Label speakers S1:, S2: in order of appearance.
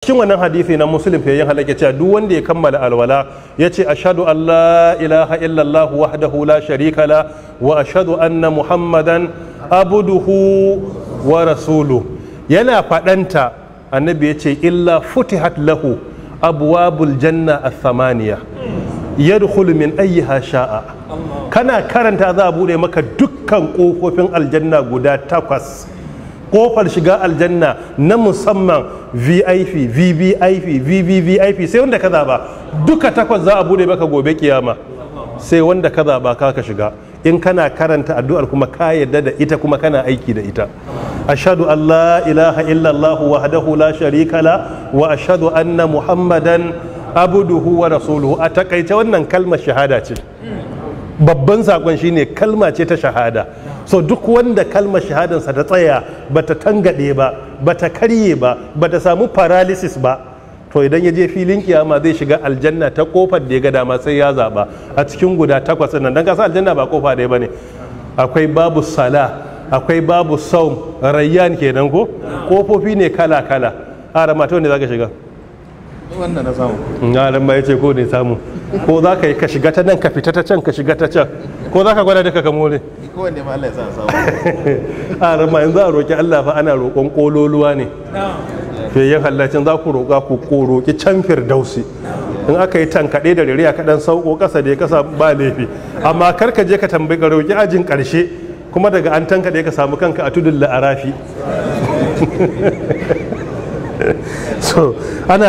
S1: cikin wannan hadisi na muslim fiye yin halake cewa duk wanda ya kammala alwala ya ce ashadu an la ilaha illallah wahdahu la sharika la wa ashadu anna muhammadan abuduhu wa rasulu yana faɗanta annabi ya ce illa futihat lahu abwabul janna athamaniya yadkhulu min ayyiha sha'a kana karanta za a bude maka dukkan kofofin aljanna guda takwas kofar shiga aljanna na musamman vip vvip vvvip sai wanda ka zaba duka takwas za a bude maka gobe kiyama sai wanda ka zaba ka shiga in kana karanta addu'ar kuma ka yadda da ita kuma kana aiki da ita ashadu an la ilaha illallah wahdahu la sharika la wa ashadu anna muhammadan abuduhu wa rasuluhu a takaice wannan kalmar shahada ce babban sakon shine kalma ce ta shahada so duk wanda kalmar shahadansa ta tsaya ba ta tangade ba ta karye ba ta samu paralysis ba to idan ya je filin kiyama zai shiga aljanna ta kofar da ya ga dama sai ya zaba a cikin guda takwas nan dan kasa aljanna ba kofa ɗaya bane akwai babu sala akwai babu saum rayyan kenan ko kofofi ne kala kala a ramata ne zaka shiga wannan na samu na ran ba yace ko ne samu ko zaka yi ka shiga ta nan ka fita ta can ka shiga ta can ko za ka gwada duka ka more kowanne ma Allah ya sa samu a rama za a roƙi Allah fa ana roƙon ƙololuwa ne to yan hallacin za ku roƙa ku roƙi can firdausi in aka yi tankaɗe da a kaɗan sauko ƙasa da ya ƙasa ba laifi amma kar ka je ka tambayi ka roƙi ajin ƙarshe kuma daga an tankaɗe ka samu kanka a tudun la'arafi so ana